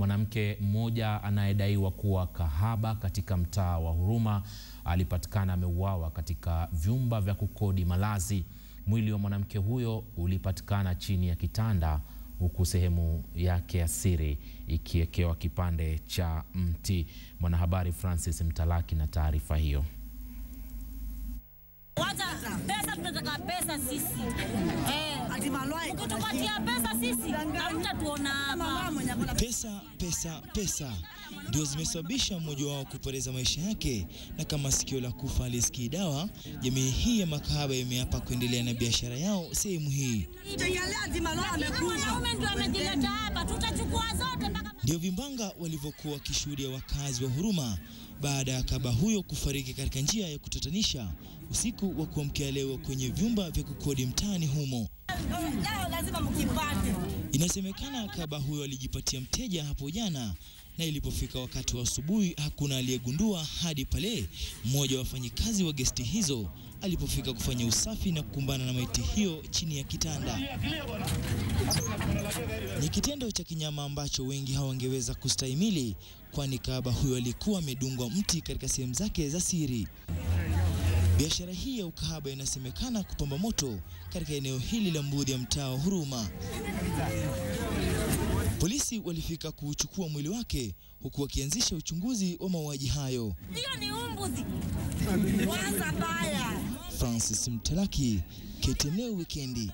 Mwanamke mmoja anayedaiwa kuwa kahaba katika mtaa wa Huruma alipatikana ameuawa katika vyumba vya kukodi malazi. Mwili wa mwanamke huyo ulipatikana chini ya kitanda huku sehemu yake ya siri ikiwekewa kipande cha mti. Mwanahabari Francis Mtalaki na taarifa hiyo. Waza, pesa, tunataka pesa sisi mkitupatia pesa sisi hapa. Pesa, pesa, pesa ndio zimesababisha mmoja wao kupoteza maisha yake, na kama sikio la kufa alisikii dawa, jamii hii ya makahaba imeapa kuendelea na biashara yao sehemu hii. Ndio vimbanga walivyokuwa wakishuhudia wakazi wa Huruma baada ya kaba huyo kufariki katika njia ya kutatanisha usiku wa kuamkia leo kwenye vyumba vya kukodi mtaani humo. Inasemekana Kaba huyo alijipatia mteja hapo jana na ilipofika wakati wa asubuhi hakuna aliyegundua hadi pale mmoja wa wafanyikazi wa gesti hizo alipofika kufanya usafi na kukumbana na maiti hiyo chini ya kitanda. Ni kitendo cha kinyama ambacho wengi hawangeweza kustahimili, kwani kaba huyo alikuwa amedungwa mti katika sehemu zake za siri. Biashara hii ya ukahaba inasemekana kupamba moto katika eneo hili la Mbudhi ya mtaa wa Huruma. Polisi walifika kuuchukua mwili wake huku wakianzisha uchunguzi wa mauaji hayo. Francis Mtalaki, KTN Wikendi.